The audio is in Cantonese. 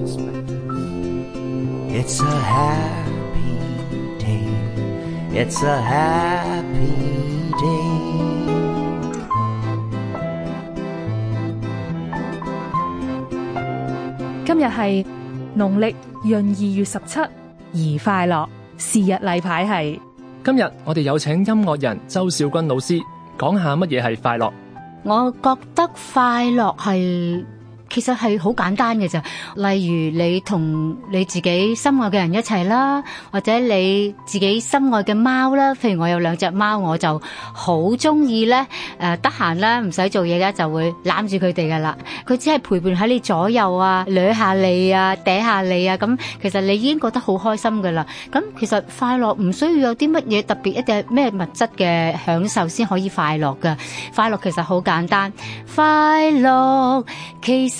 It's a happy day, it's a happy day 今日係農曆閏二月十七，而快樂是日例牌係今日，我哋有請音樂人周小君老師講下乜嘢係快樂。我覺得快樂係。其實係好簡單嘅啫，例如你同你自己心愛嘅人一齊啦，或者你自己心愛嘅貓啦，譬如我有兩隻貓，我就好中意咧，誒，得閒啦，唔使做嘢啦，就會攬住佢哋噶啦。佢只係陪伴喺你左右啊，捋下你啊，嗲下你啊，咁其實你已經覺得好開心噶啦。咁其實快樂唔需要有啲乜嘢特別一啲咩物質嘅享受先可以快樂噶，快樂其實好簡單，快樂其實。